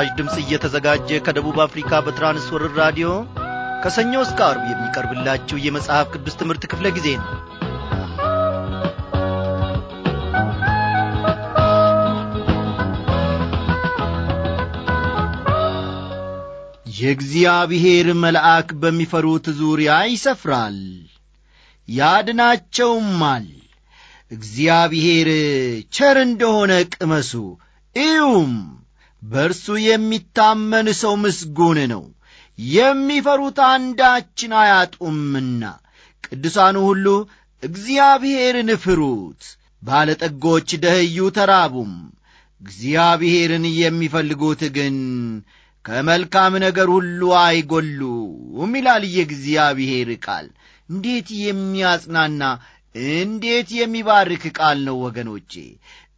ለመስራች ድምፅ እየተዘጋጀ ከደቡብ አፍሪካ በትራንስወርር ራዲዮ ከሰኞ እስከ አርብ የሚቀርብላችሁ የመጽሐፍ ቅዱስ ትምህርት ክፍለ ጊዜ ነው የእግዚአብሔር መልአክ በሚፈሩት ዙሪያ ይሰፍራል ያድናቸውማል እግዚአብሔር ቸር እንደሆነ ቅመሱ እዩም በእርሱ የሚታመን ሰው ምስጉን ነው፣ የሚፈሩት አንዳችን አያጡምና። ቅዱሳኑ ሁሉ እግዚአብሔርን ፍሩት፣ ባለጠጎች ደህዩ ተራቡም፣ እግዚአብሔርን የሚፈልጉት ግን ከመልካም ነገር ሁሉ አይጎሉም ይላል የእግዚአብሔር ቃል። እንዴት የሚያጽናና እንዴት የሚባርክ ቃል ነው ወገኖቼ!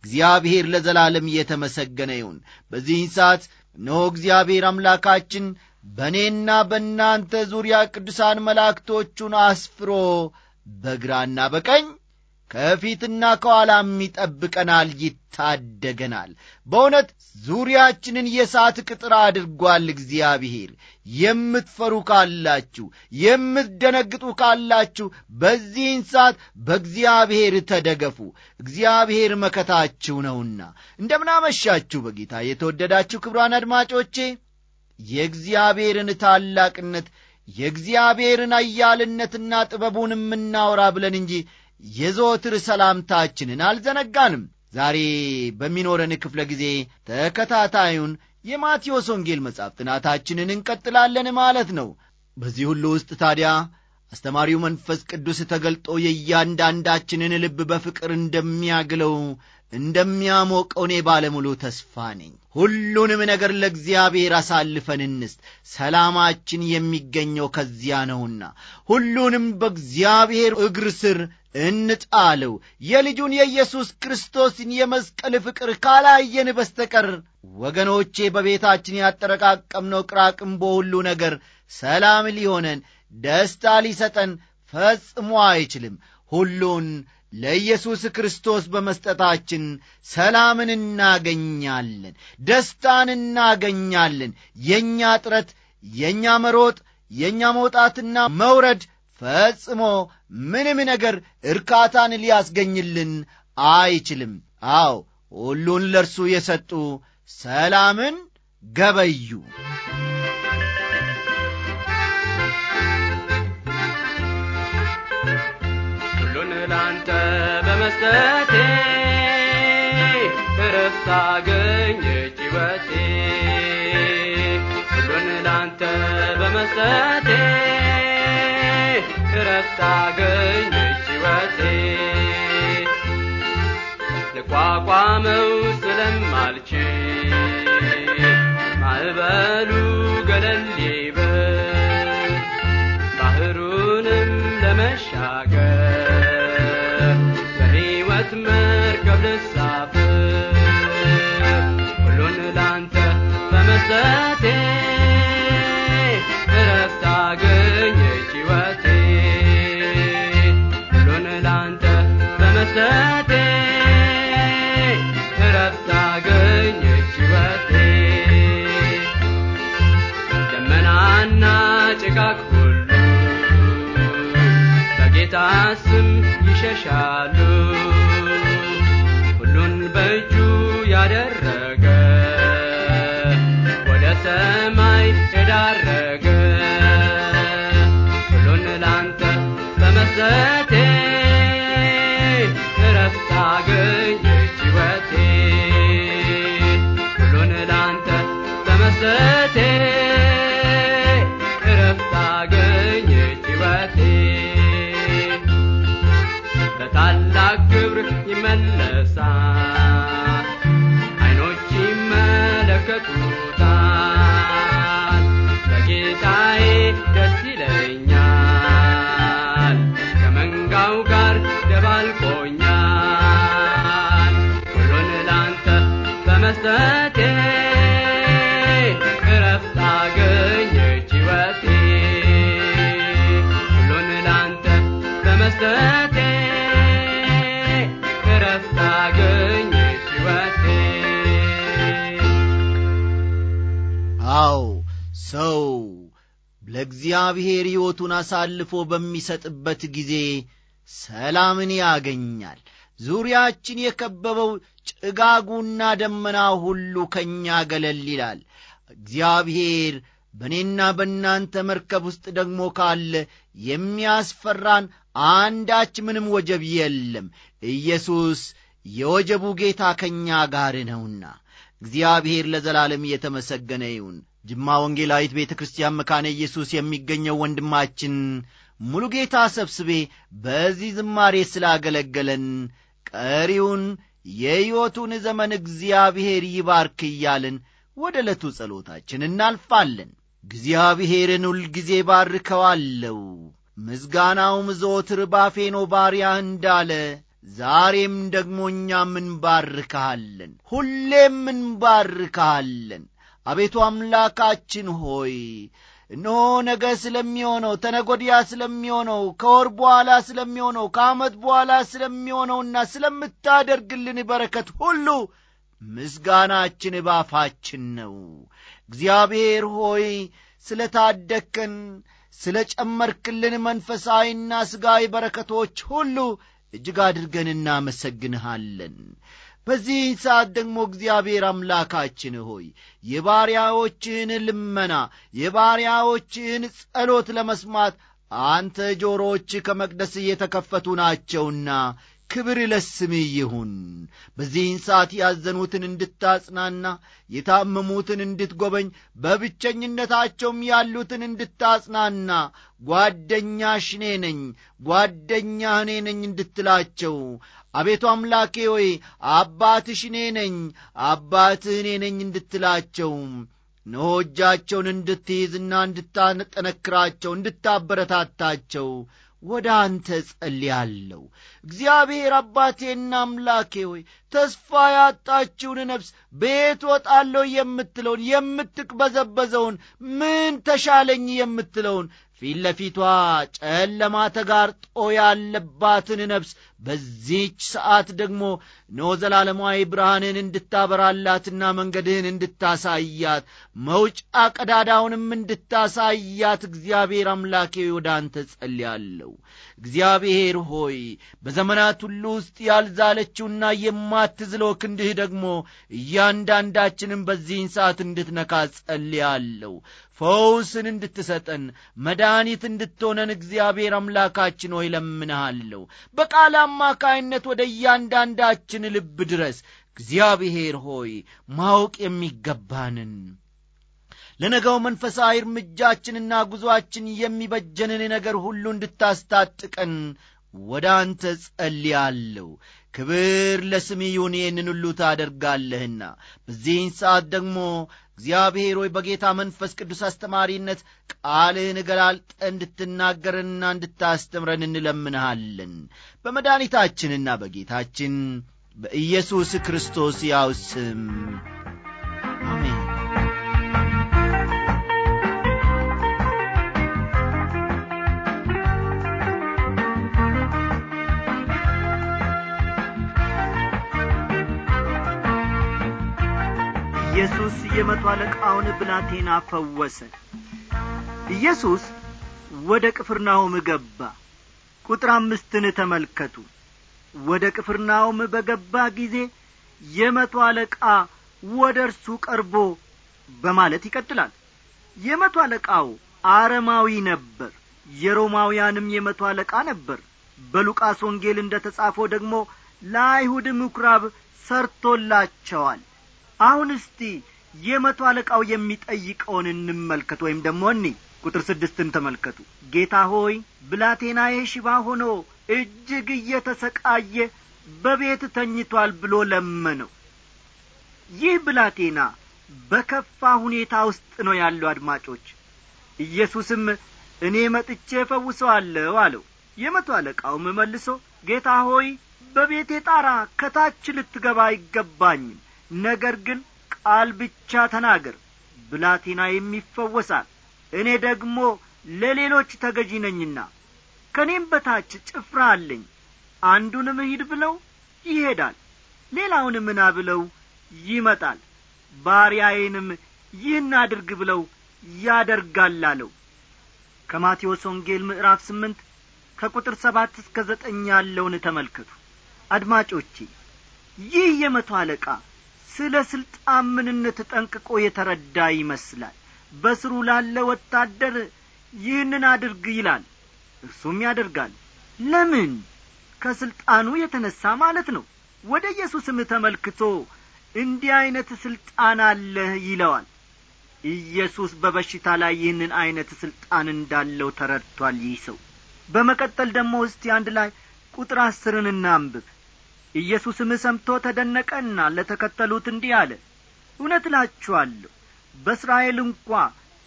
እግዚአብሔር ለዘላለም እየተመሰገነ ይሁን። በዚህን ሰዓት እነሆ እግዚአብሔር አምላካችን በእኔና በእናንተ ዙሪያ ቅዱሳን መላእክቶቹን አስፍሮ በግራና በቀኝ ከፊትና ከኋላም ይጠብቀናል፣ ይታደገናል። በእውነት ዙሪያችንን የእሳት ቅጥር አድርጓል እግዚአብሔር። የምትፈሩ ካላችሁ፣ የምትደነግጡ ካላችሁ በዚህን ሰዓት በእግዚአብሔር ተደገፉ። እግዚአብሔር መከታችሁ ነውና። እንደምናመሻችሁ በጌታ የተወደዳችሁ ክብሯን አድማጮቼ የእግዚአብሔርን ታላቅነት የእግዚአብሔርን አያልነትና ጥበቡን የምናወራ ብለን እንጂ የዘወትር ሰላምታችንን አልዘነጋንም። ዛሬ በሚኖረን ክፍለ ጊዜ ተከታታዩን የማቴዎስ ወንጌል መጽሐፍ ጥናታችንን እንቀጥላለን ማለት ነው። በዚህ ሁሉ ውስጥ ታዲያ አስተማሪው መንፈስ ቅዱስ ተገልጦ የእያንዳንዳችንን ልብ በፍቅር እንደሚያግለው እንደሚያሞቀው እኔ ባለሙሉ ተስፋ ነኝ። ሁሉንም ነገር ለእግዚአብሔር አሳልፈን ሰላማችን የሚገኘው ከዚያ ነውና ሁሉንም በእግዚአብሔር እግር ስር እንጣለው። የልጁን የኢየሱስ ክርስቶስን የመስቀል ፍቅር ካላየን በስተቀር ወገኖቼ፣ በቤታችን ያጠረቃቀምነው ቅራቅምቦ ሁሉ ነገር ሰላም ሊሆነን ደስታ ሊሰጠን ፈጽሞ አይችልም። ሁሉን ለኢየሱስ ክርስቶስ በመስጠታችን ሰላምን እናገኛለን፣ ደስታን እናገኛለን። የእኛ ጥረት፣ የእኛ መሮጥ፣ የእኛ መውጣትና መውረድ ፈጽሞ ምንም ነገር እርካታን ሊያስገኝልን አይችልም። አዎ ሁሉን ለእርሱ የሰጡ ሰላምን ገበዩ። ሁሉን ላንተ በመስጠቴ እረፍት አገኘች ሕይወቴ ሁሉን ላንተ በመስጠቴ እረፍት አገኘች ሕይወቴ ልቋቋመው ስለማልችል ማዕበሉ ገለል ይበል ባህሩንም ለመሻገር እግዚአብሔር ሕይወቱን አሳልፎ በሚሰጥበት ጊዜ ሰላምን ያገኛል። ዙሪያችን የከበበው ጭጋጉና ደመና ሁሉ ከእኛ ገለል ይላል። እግዚአብሔር በእኔና በእናንተ መርከብ ውስጥ ደግሞ ካለ የሚያስፈራን አንዳች ምንም ወጀብ የለም። ኢየሱስ የወጀቡ ጌታ ከእኛ ጋር ነውና እግዚአብሔር ለዘላለም እየተመሰገነ ይሁን። ጅማ ወንጌላዊት ቤተ ክርስቲያን መካነ ኢየሱስ የሚገኘው ወንድማችን ሙሉ ጌታ ሰብስቤ በዚህ ዝማሬ ስላገለገለን ቀሪውን የሕይወቱን ዘመን እግዚአብሔር ይባርክ እያልን ወደ ዕለቱ ጸሎታችን እናልፋለን። እግዚአብሔርን ሁልጊዜ ባርከዋለሁ፣ ምስጋናውም ዘወትር ባፌ ነው ባሪያህ እንዳለ ዛሬም ደግሞ እኛም እንባርከሃለን፣ ሁሌም እንባርከሃለን። አቤቱ አምላካችን ሆይ እነሆ ነገ ስለሚሆነው ተነጎዲያ ስለሚሆነው ከወር በኋላ ስለሚሆነው ከዓመት በኋላ ስለሚሆነውና ስለምታደርግልን በረከት ሁሉ ምስጋናችን ባፋችን ነው። እግዚአብሔር ሆይ ስለ ታደግከን ስለ ጨመርክልን መንፈሳዊና ሥጋዊ በረከቶች ሁሉ እጅግ አድርገን እናመሰግንሃለን። በዚህ ሰዓት ደግሞ እግዚአብሔር አምላካችን ሆይ የባሪያዎችህን ልመና የባሪያዎችህን ጸሎት ለመስማት አንተ ጆሮዎች ከመቅደስ እየተከፈቱ ናቸውና ክብር ለስምህ ይሁን። በዚህን ሰዓት ያዘኑትን እንድታጽናና፣ የታመሙትን እንድትጎበኝ፣ በብቸኝነታቸውም ያሉትን እንድታጽናና፣ ጓደኛሽ እኔ ነኝ፣ ጓደኛህ እኔ ነኝ እንድትላቸው አቤቱ አምላኬ ሆይ አባትሽ እኔ ነኝ፣ አባትህ እኔ ነኝ እንድትላቸው እነሆ እጃቸውን እንድትይዝና እንድታጠነክራቸው፣ እንድታበረታታቸው ወደ አንተ ጸልያለሁ። እግዚአብሔር አባቴና አምላኬ ሆይ ተስፋ ያጣችውን ነፍስ ቤት ወጣለሁ የምትለውን የምትቅበዘበዘውን ምን ተሻለኝ የምትለውን ፊት ለፊቷ ጨለማ ተጋርጦ ያለባትን ነብስ በዚች ሰዓት ደግሞ ኖ ዘላለማዊ ብርሃንን እንድታበራላትና መንገድህን እንድታሳያት መውጫ ቀዳዳውንም እንድታሳያት እግዚአብሔር አምላኬ ወደ አንተ ጸልያለሁ። እግዚአብሔር ሆይ በዘመናት ሁሉ ውስጥ ያልዛለችውና የማትዝለው ክንድህ ደግሞ እያንዳንዳችንም በዚህን ሰዓት እንድትነካ ጸልያለሁ። ፈውስን እንድትሰጠን መድኃኒት እንድትሆነን እግዚአብሔር አምላካችን ሆይ ለምንሃለሁ። በቃል አማካይነት ወደ እያንዳንዳችን ልብ ድረስ እግዚአብሔር ሆይ ማወቅ የሚገባንን ለነገው መንፈሳዊ እርምጃችንና ጉዞአችን የሚበጀንን ነገር ሁሉ እንድታስታጥቀን ወደ አንተ ጸልያለሁ። ክብር ለስም ይሁን ይህንን ሁሉ ታደርጋለህና በዚህን ሰዓት ደግሞ እግዚአብሔር ሆይ በጌታ መንፈስ ቅዱስ አስተማሪነት ቃልህን ገላልጠ እንድትናገርና እንድታስተምረን እንለምንሃለን በመድኒታችንና በጌታችን በኢየሱስ ክርስቶስ ያው ስም አሜን ኢየሱስ የመቶ አለቃውን ብላቴና ፈወሰ ኢየሱስ ወደ ቅፍርናሆም ገባ ቁጥር አምስትን ተመልከቱ ወደ ቅፍርናሆም በገባ ጊዜ የመቶ አለቃ ወደ እርሱ ቀርቦ በማለት ይቀጥላል የመቶ አለቃው አረማዊ ነበር የሮማውያንም የመቶ አለቃ ነበር በሉቃስ ወንጌል እንደ ተጻፈው ደግሞ ለአይሁድ ምኵራብ ሰርቶላቸዋል አሁን እስቲ የመቶ አለቃው የሚጠይቀውን እንመልከት ወይም ደግሞ እኒ ቁጥር ስድስትን ተመልከቱ ጌታ ሆይ ብላቴናዬ ሽባ ሆኖ እጅግ እየተሰቃየ በቤት ተኝቷል ብሎ ለመነው ይህ ብላቴና በከፋ ሁኔታ ውስጥ ነው ያለው አድማጮች ኢየሱስም እኔ መጥቼ ፈውሰዋለሁ አለው የመቶ አለቃውም መልሶ ጌታ ሆይ በቤቴ ጣራ ከታች ልትገባ አይገባኝም ነገር ግን ቃል ብቻ ተናገር ብላቴና ይፈወሳል እኔ ደግሞ ለሌሎች ተገዢ ነኝና ከእኔም በታች ጭፍራ አለኝ አንዱንም ሂድ ብለው ይሄዳል ሌላውን ምና ብለው ይመጣል ባሪያዬንም ይህን አድርግ ብለው ያደርጋል አለው ከማቴዎስ ወንጌል ምዕራፍ ስምንት ከቁጥር ሰባት እስከ ዘጠኝ ያለውን ተመልከቱ አድማጮቼ ይህ የመቶ አለቃ ስለ ሥልጣን ምንነት ጠንቅቆ የተረዳ ይመስላል በስሩ ላለ ወታደር ይህንን አድርግ ይላል እርሱም ያደርጋል ለምን ከሥልጣኑ የተነሣ ማለት ነው ወደ ኢየሱስም ተመልክቶ እንዲህ ዐይነት ሥልጣን አለህ ይለዋል ኢየሱስ በበሽታ ላይ ይህንን ዐይነት ሥልጣን እንዳለው ተረድቷል ይህ ሰው በመቀጠል ደግሞ እስቲ አንድ ላይ ቁጥር አስርን እናንብብ ኢየሱስም ሰምቶ ተደነቀና ለተከተሉት እንዲህ አለ እውነት እላችኋለሁ በእስራኤል እንኳ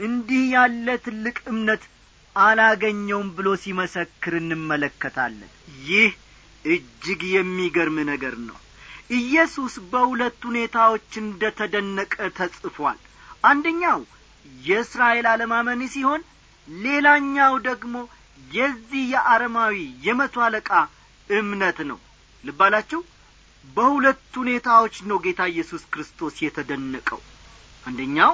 እንዲህ ያለ ትልቅ እምነት አላገኘውም ብሎ ሲመሰክር እንመለከታለን ይህ እጅግ የሚገርም ነገር ነው ኢየሱስ በሁለት ሁኔታዎች እንደ ተደነቀ ተጽፏል አንደኛው የእስራኤል አለማመን ሲሆን ሌላኛው ደግሞ የዚህ የአረማዊ የመቶ አለቃ እምነት ነው ልባላችሁ በሁለት ሁኔታዎች ነው ጌታ ኢየሱስ ክርስቶስ የተደነቀው አንደኛው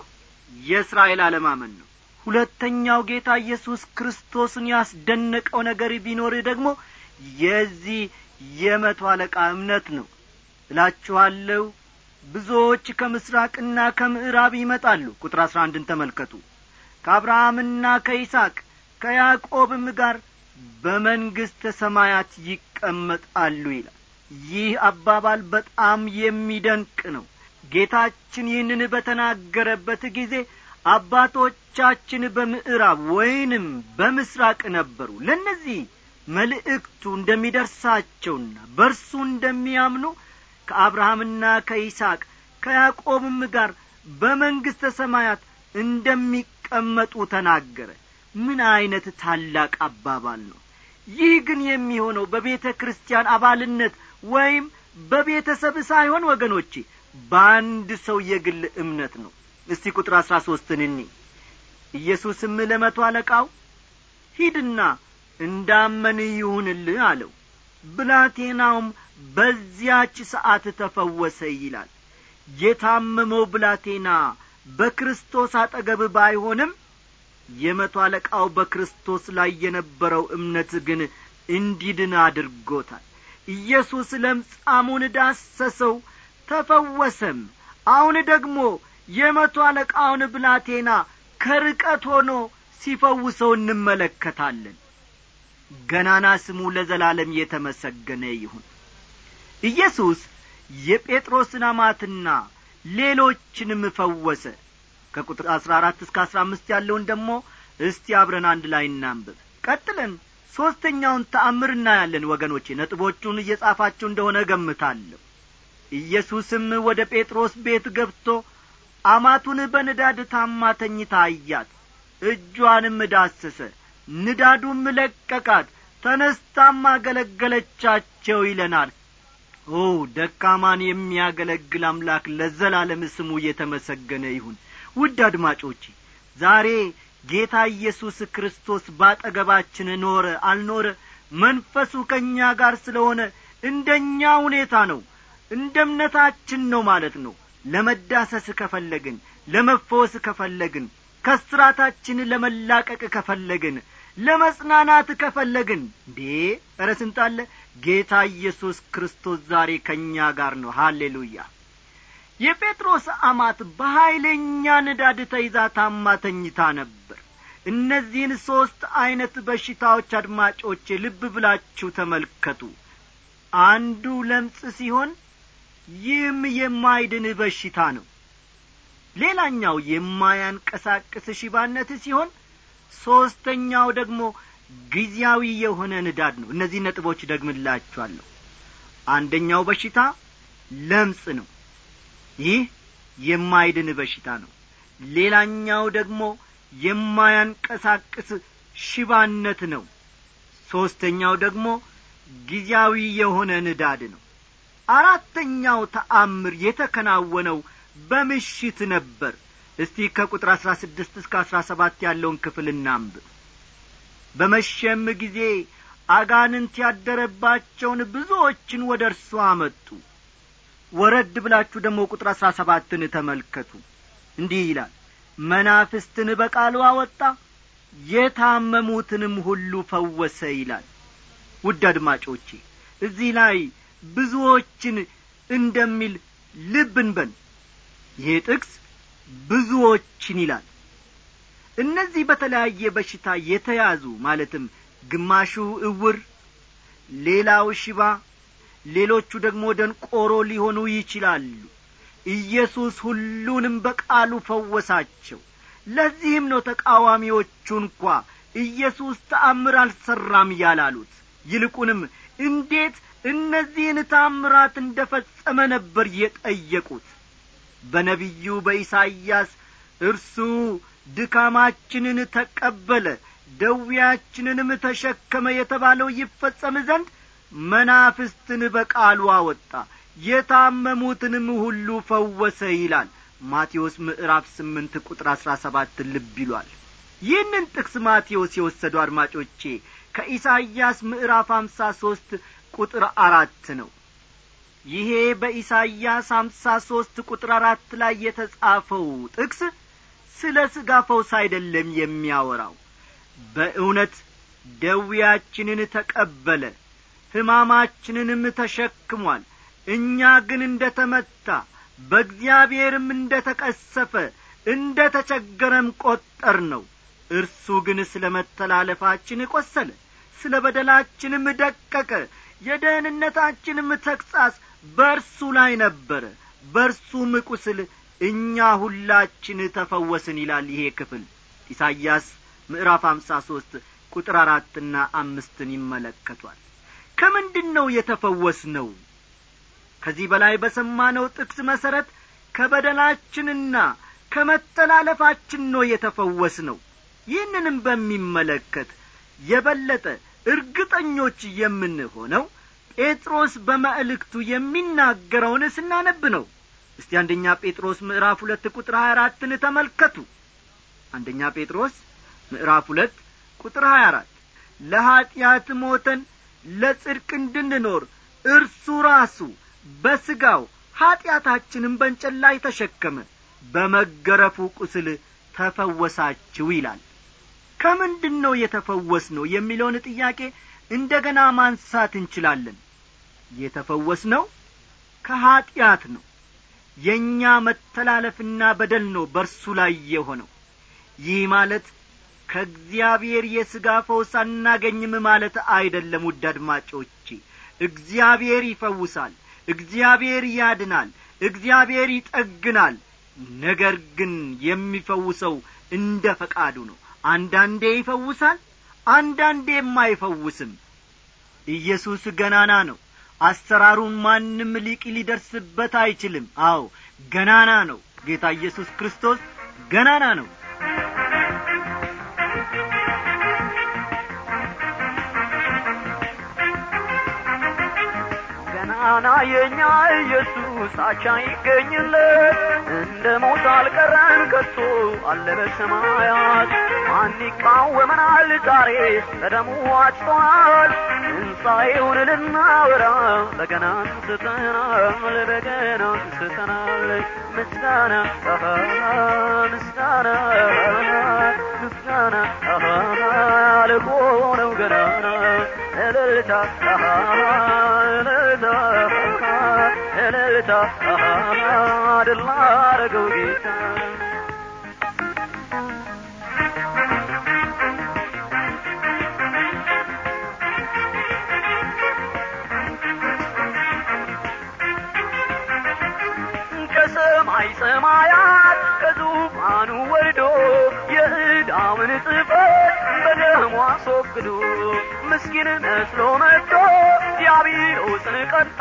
የእስራኤል አለማመን ነው ሁለተኛው ጌታ ኢየሱስ ክርስቶስን ያስደነቀው ነገር ቢኖር ደግሞ የዚህ የመቶ አለቃ እምነት ነው እላችኋለሁ ብዙዎች ከምስራቅና ከምዕራብ ይመጣሉ ቁጥር አሥራ አንድን ተመልከቱ ከአብርሃምና ከይስቅ ከያዕቆብም ጋር በመንግሥተ ሰማያት ይቀመጣሉ ይላል ይህ አባባል በጣም የሚደንቅ ነው ጌታችን ይህንን በተናገረበት ጊዜ አባቶቻችን በምዕራብ ወይንም በምስራቅ ነበሩ ለእነዚህ መልእክቱ እንደሚደርሳቸውና በርሱ እንደሚያምኑ ከአብርሃምና ከይስቅ ከያዕቆብም ጋር በመንግሥተ ሰማያት እንደሚቀመጡ ተናገረ ምን ዐይነት ታላቅ አባባል ነው ይህ ግን የሚሆነው በቤተ ክርስቲያን አባልነት ወይም በቤተሰብ ሳይሆን ወገኖቼ በአንድ ሰው የግል እምነት ነው እስቲ ቁጥር አሥራ ሦስትን እኒ ኢየሱስም ለመቶ አለቃው ሂድና እንዳመን ይሁንልህ አለው ብላቴናውም በዚያች ሰዓት ተፈወሰ ይላል የታመመው ብላቴና በክርስቶስ አጠገብ ባይሆንም የመቶ አለቃው በክርስቶስ ላይ የነበረው እምነት ግን እንዲድን አድርጎታል ኢየሱስ ለምጻሙን ዳሰሰው ተፈወሰም አሁን ደግሞ የመቶ አለቃውን ብላቴና ከርቀት ሆኖ ሲፈውሰው እንመለከታለን ገናና ስሙ ለዘላለም የተመሰገነ ይሁን ኢየሱስ የጴጥሮስን አማትና ሌሎችንም ፈወሰ ከቁጥር አስራ አራት እስከ አስራ አምስት ያለውን ደግሞ እስቲ አብረን አንድ ላይ እናንብብ ቀጥለን ሦስተኛውን ተአምር እናያለን ወገኖቼ ነጥቦቹን እየጻፋችሁ እንደሆነ እገምታለሁ ኢየሱስም ወደ ጴጥሮስ ቤት ገብቶ አማቱን በንዳድ ታማ ተኝታ አያት እጇንም ዳሰሰ ንዳዱም ለቀቃት ተነስታም አገለገለቻቸው ይለናል ኦ ደካማን የሚያገለግል አምላክ ለዘላለም ስሙ እየተመሰገነ ይሁን ውድ አድማጮቼ ዛሬ ጌታ ኢየሱስ ክርስቶስ ባጠገባችን ኖረ አልኖረ መንፈሱ ከእኛ ጋር ስለሆነ እንደኛ ሁኔታ ነው እንደ እምነታችን ነው ማለት ነው ለመዳሰስ ከፈለግን ለመፈወስ ከፈለግን ከስራታችን ለመላቀቅ ከፈለግን ለመጽናናት ከፈለግን እንዴ ረስንጣለ ጌታ ኢየሱስ ክርስቶስ ዛሬ ከእኛ ጋር ነው ሃሌሉያ የጴጥሮስ አማት በኀይለኛ ንዳድ ተይዛ ታማ ተኝታ ነበር እነዚህን ሦስት ዐይነት በሽታዎች አድማጮቼ ልብ ብላችሁ ተመልከቱ አንዱ ለምጽ ሲሆን ይህም የማይድን በሽታ ነው ሌላኛው የማያንቀሳቅስ ሽባነት ሲሆን ሦስተኛው ደግሞ ጊዜያዊ የሆነ ንዳድ ነው እነዚህ ነጥቦች ደግምላችኋለሁ አንደኛው በሽታ ለምጽ ነው ይህ የማይድን በሽታ ነው ሌላኛው ደግሞ የማያንቀሳቅስ ሽባነት ነው ሦስተኛው ደግሞ ጊዜያዊ የሆነ ንዳድ ነው አራተኛው ተአምር የተከናወነው በምሽት ነበር እስቲ ከቁጥር አሥራ ስድስት እስከ አሥራ ሰባት ያለውን ክፍል እናምብ በመሸም ጊዜ አጋንንት ያደረባቸውን ብዙዎችን ወደ እርሱ አመጡ ወረድ ብላችሁ ደግሞ ቁጥር አሥራ ሰባትን ተመልከቱ እንዲህ ይላል መናፍስትን በቃሉ አወጣ የታመሙትንም ሁሉ ፈወሰ ይላል ውድ አድማጮቼ እዚህ ላይ ብዙዎችን እንደሚል ልብን እንበል ይህ ጥቅስ ብዙዎችን ይላል እነዚህ በተለያየ በሽታ የተያዙ ማለትም ግማሹ እውር ሌላው ሽባ ሌሎቹ ደግሞ ደንቆሮ ሊሆኑ ይችላሉ ኢየሱስ ሁሉንም በቃሉ ፈወሳቸው ለዚህም ነው ተቃዋሚዎቹ እንኳ ኢየሱስ ተአምር አልሠራም ያላሉት ይልቁንም እንዴት እነዚህን ታምራት እንደ ፈጸመ ነበር የጠየቁት በነቢዩ በኢሳይያስ እርሱ ድካማችንን ተቀበለ ደዌያችንንም ተሸከመ የተባለው ይፈጸም ዘንድ መናፍስትን በቃሉ አወጣ የታመሙትንም ሁሉ ፈወሰ ይላል ማቴዎስ ምዕራፍ ስምንት ቁጥር አሥራ ሰባት ልብ ይሏል ይህንን ጥቅስ ማቴዎስ የወሰዱ አድማጮቼ ከኢሳይያስ ምዕራፍ አምሳ ሦስት ቁጥር አራት ነው ይሄ በኢሳይያስ አምሳ ሦስት ቁጥር አራት ላይ የተጻፈው ጥቅስ ስለ ሥጋ ፈውስ አይደለም የሚያወራው በእውነት ደዌያችንን ተቀበለ ሕማማችንንም ተሸክሟል እኛ ግን እንደ ተመታ በእግዚአብሔርም እንደ ተቀሰፈ እንደ ተቸገረም ቈጠር ነው እርሱ ግን ስለ መተላለፋችን ቈሰለ ስለ በደላችንም ደቀቀ የደህንነታችንም ተግሣጽ በእርሱ ላይ ነበረ በእርሱም ቁስል እኛ ሁላችን ተፈወስን ይላል ይሄ ክፍል ኢሳይያስ ምዕራፍ አምሳ ሦስት ቁጥር አራትና አምስትን ይመለከቷል ከምንድን ነው የተፈወስ ነው ከዚህ በላይ በሰማነው ጥቅስ መሠረት ከበደላችንና ከመተላለፋችን ነው የተፈወስ ነው ይህንንም በሚመለከት የበለጠ እርግጠኞች የምንሆነው ጴጥሮስ በመልእክቱ የሚናገረውን ስናነብ ነው እስቲ አንደኛ ጴጥሮስ ምዕራፍ ሁለት ቁጥር ሀያ አራትን ተመልከቱ አንደኛ ጴጥሮስ ምዕራፍ ሁለት ቁጥር ሀያ አራት ለኀጢአት ሞተን ለጽድቅ እንድንኖር እርሱ ራሱ በሥጋው ኀጢአታችንም በእንጨት ላይ ተሸከመ በመገረፉ ቁስል ተፈወሳችሁ ይላል ከምንድን ነው የተፈወስ ነው የሚለውን ጥያቄ እንደ ገና ማንሳት እንችላለን የተፈወስ ነው ከኀጢአት ነው የእኛ መተላለፍና በደል ነው በርሱ ላይ የሆነው ይህ ማለት ከእግዚአብሔር የሥጋ ፈውስ አናገኝም ማለት አይደለም ውድ አድማጮቼ እግዚአብሔር ይፈውሳል እግዚአብሔር ያድናል እግዚአብሔር ይጠግናል ነገር ግን የሚፈውሰው እንደ ፈቃዱ ነው አንዳንዴ ይፈውሳል አንዳንዴም አይፈውስም ኢየሱስ ገናና ነው አሰራሩን ማንም ሊቅ ሊደርስበት አይችልም አዎ ገናና ነው ጌታ ኢየሱስ ክርስቶስ ገናና ነው ምስጋና የኛ ኢየሱስ አቻ ይገኝለት እንደ ሞት አልቀረም ከቶ አለ በሰማያት ማን ይቃወመናል ዛሬ በደሙ አጭቶናል ትንሣኤውን ልናወራ በገና ስተናል በገና ስተናል ምስጋና ምስጋና ምስጋና ለቆ ነው ገናና እልልታ ጌታ ድል አረገው ጌታ ሰማያት ከዙፋኑ ወርዶ የዕዳውን ጽፈት በደሙ አስወግዶ ምስኪን መስሎ መጥቶ ዲያብሎስን ቀጣ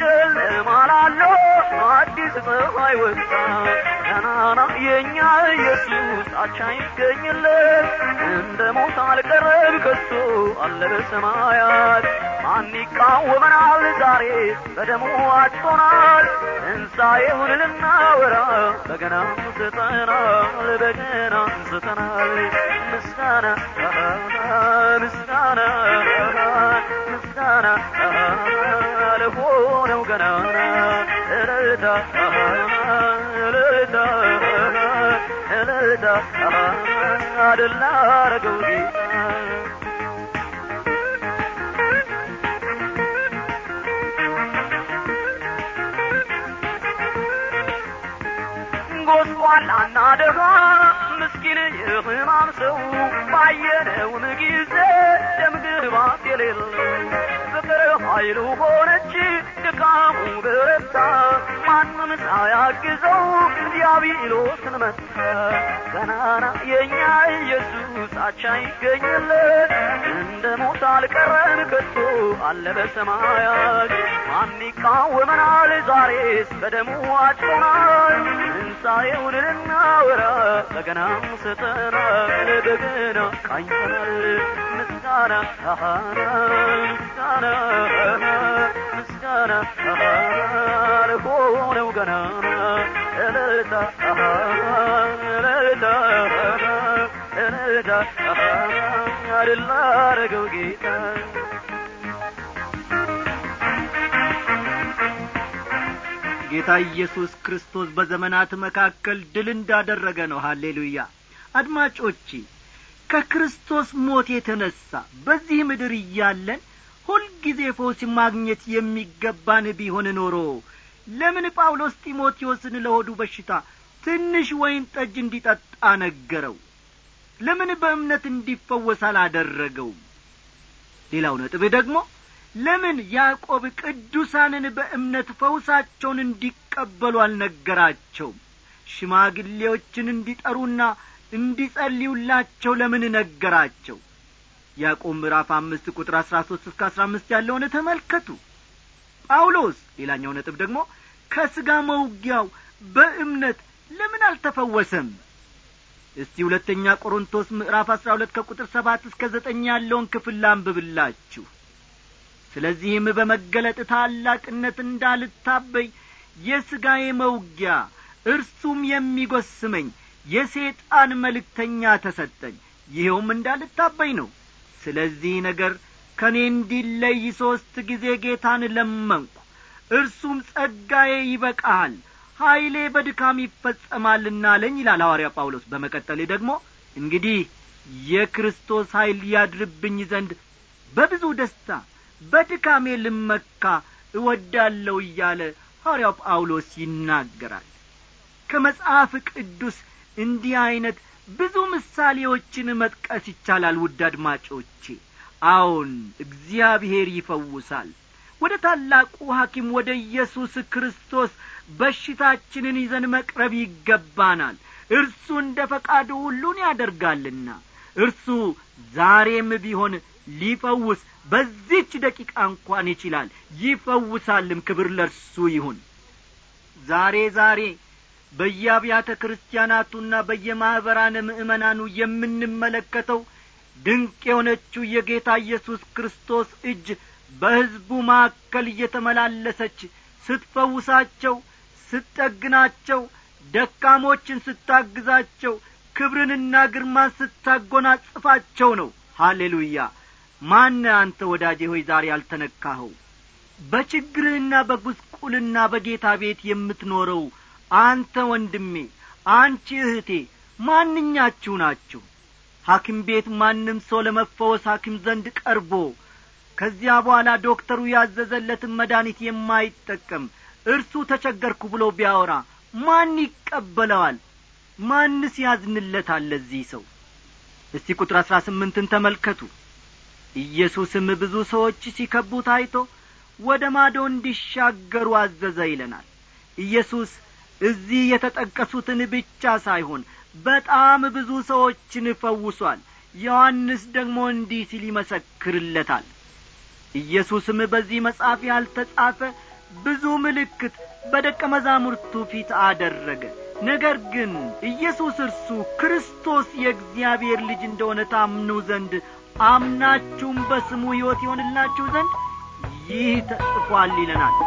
ጨል ማላሎ አዲስ በማይወጣ ገናና የእኛ ኢየሱስ አቻ ይገኝለት እንደ ሞት አልቀረብ ከሱ አለ በሰማያት ማን ይቃወመናል ዛሬ በደሞ አጭቶናል ትንሣኤውን ልናወራ በገና አንስተናል በገና አንስተናል ምስጋና አደላ አረገው ጌታ ጎስቋላና ደሃ ምስኪን የህማም ሰው ባየነውን ጊዜ ደምግባት የሌለው ፍቅር ኃይሉ ሆነች ድካሙ በረታ ማንም ሳያግዘው ዲያብሎስን መታ ምስጋና የእኛ ኢየሱስ አቻ ይገኝለት እንደ ሞት አልቀረም ከቶ አለ በሰማያት ማሚቃወመናል ዛሬስ በደሙ አጭቶናል ትንሣኤውን ልናወራ በገናም ሰጠናል በገና ቃኝተናል ምስጋና ምስጋና ምስጋና ሆነው ገናና ጌታ ኢየሱስ ክርስቶስ በዘመናት መካከል ድል እንዳደረገ ነው ሀሌሉያ አድማጮቼ ከክርስቶስ ሞት የተነሣ በዚህ ምድር እያለን ሁልጊዜ ፎሲ ማግኘት የሚገባን ቢሆን ኖሮ ለምን ጳውሎስ ጢሞቴዎስን ለሆዱ በሽታ ትንሽ ወይን ጠጅ እንዲጠጣ ነገረው ለምን በእምነት እንዲፈወስ አላደረገውም ሌላው ነጥብ ደግሞ ለምን ያዕቆብ ቅዱሳንን በእምነት ፈውሳቸውን እንዲቀበሉ አልነገራቸውም ሽማግሌዎችን እንዲጠሩና እንዲጸልዩላቸው ለምን ነገራቸው ያዕቆብ ምዕራፍ አምስት ቁጥር አሥራ ሦስት እስከ አሥራ አምስት ያለውን ተመልከቱ ጳውሎስ ሌላኛው ነጥብ ደግሞ ከሥጋ መውጊያው በእምነት ለምን አልተፈወሰም እስቲ ሁለተኛ ቆሮንቶስ ምዕራፍ አሥራ ሁለት ከቁጥር ሰባት እስከ ዘጠኝ ያለውን ክፍል ላንብብላችሁ ስለዚህም በመገለጥ ታላቅነት እንዳልታበይ የሥጋዬ መውጊያ እርሱም የሚጐስመኝ የሴጣን መልእክተኛ ተሰጠኝ ይኸውም እንዳልታበይ ነው ስለዚህ ነገር ከእኔ እንዲለይ ሦስት ጊዜ ጌታን ለመንኩ እርሱም ጸጋዬ ይበቃሃል ኀይሌ በድካም ይፈጸማልና አለኝ ይላል ሐዋርያ ጳውሎስ በመቀጠሌ ደግሞ እንግዲህ የክርስቶስ ኀይል ያድርብኝ ዘንድ በብዙ ደስታ በድካሜ ልመካ እወዳለሁ እያለ ሐዋርያው ጳውሎስ ይናገራል ከመጽሐፍ ቅዱስ እንዲህ ዐይነት ብዙ ምሳሌዎችን መጥቀስ ይቻላል ውድ አድማጮቼ አዎን እግዚአብሔር ይፈውሳል ወደ ታላቁ ሐኪም ወደ ኢየሱስ ክርስቶስ በሽታችንን ይዘን መቅረብ ይገባናል እርሱ እንደ ፈቃዱ ሁሉን ያደርጋልና እርሱ ዛሬም ቢሆን ሊፈውስ በዚች ደቂቃ እንኳን ይችላል ይፈውሳልም ክብር ለርሱ ይሁን ዛሬ ዛሬ በየአብያተ ክርስቲያናቱና በየማኅበራነ ምእመናኑ የምንመለከተው ድንቅ የሆነችው የጌታ ኢየሱስ ክርስቶስ እጅ በሕዝቡ ማካከል እየተመላለሰች ስትፈውሳቸው ስትጠግናቸው ደካሞችን ስታግዛቸው ክብርንና ግርማን ስታጐናጽፋቸው ነው ሃሌሉያ ማነ አንተ ወዳጄ ሆይ ዛሬ አልተነካኸው በችግርህና በጒስቁልና በጌታ ቤት የምትኖረው አንተ ወንድሜ አንቺ እህቴ ማንኛችሁ ናችሁ ሐኪም ቤት ማንም ሰው ለመፈወስ ሐኪም ዘንድ ቀርቦ ከዚያ በኋላ ዶክተሩ ያዘዘለትን መድኃኒት የማይጠቀም እርሱ ተቸገርኩ ብሎ ቢያወራ ማን ይቀበለዋል ማንስ ያዝንለታል ለዚህ ሰው እስቲ ቁጥር አሥራ ስምንትን ተመልከቱ ኢየሱስም ብዙ ሰዎች ሲከቡት አይቶ ወደ ማዶ እንዲሻገሩ አዘዘ ይለናል ኢየሱስ እዚህ የተጠቀሱትን ብቻ ሳይሆን በጣም ብዙ ሰዎችን ፈውሷል ዮሐንስ ደግሞ እንዲህ ሲል ይመሰክርለታል ኢየሱስም በዚህ መጽሐፍ ያልተጻፈ ብዙ ምልክት በደቀ መዛሙርቱ ፊት አደረገ ነገር ግን ኢየሱስ እርሱ ክርስቶስ የእግዚአብሔር ልጅ እንደሆነ ታምኑ ዘንድ አምናችሁም በስሙ ሕይወት ይሆንላችሁ ዘንድ ይህ ተጽፏል ይለናል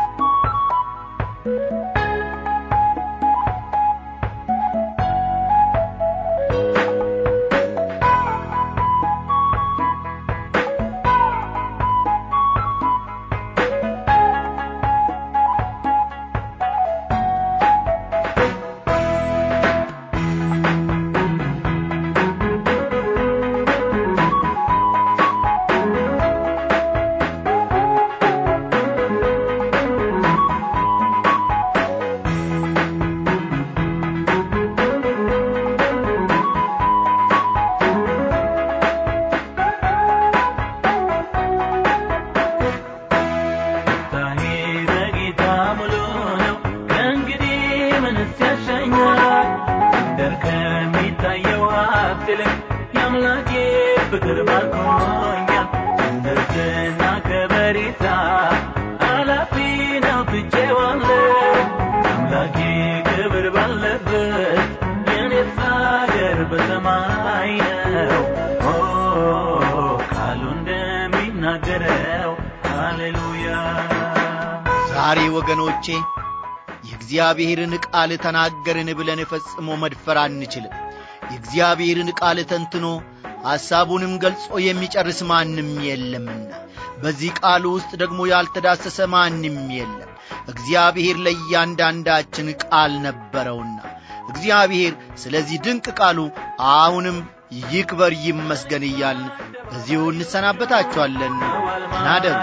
የእግዚአብሔርን ቃል ተናገርን ብለን ፈጽሞ መድፈር አንችልም። የእግዚአብሔርን ቃል ተንትኖ ሐሳቡንም ገልጾ የሚጨርስ ማንም የለምና በዚህ ቃል ውስጥ ደግሞ ያልተዳሰሰ ማንም የለም። እግዚአብሔር ለእያንዳንዳችን ቃል ነበረውና እግዚአብሔር ስለዚህ ድንቅ ቃሉ አሁንም ይክበር ይመስገን እያልን በዚሁ እንሰናበታችኋለን። ናደሩ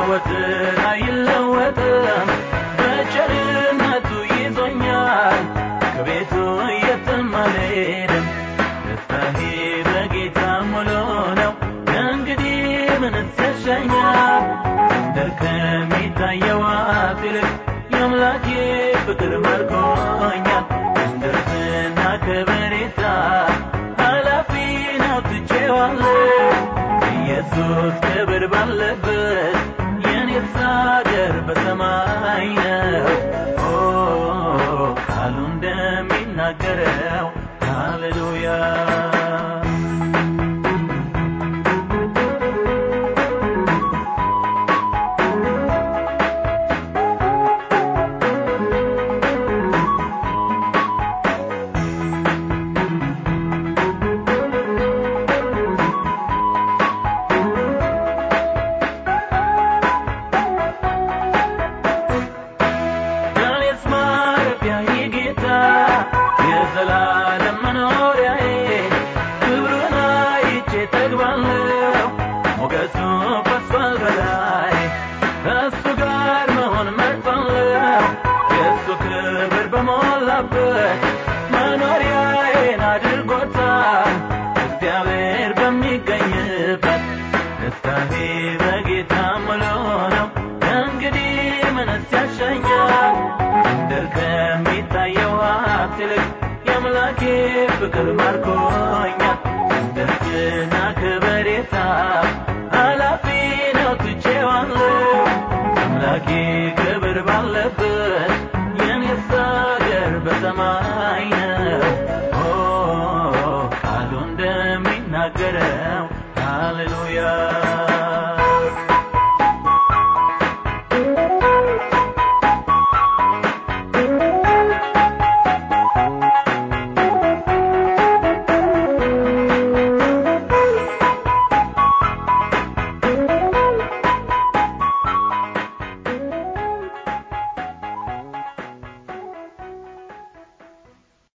دعوتنا يلوتنا ሰማይ ነው ቃሉ እንደሚናገረው ሃሌሉያ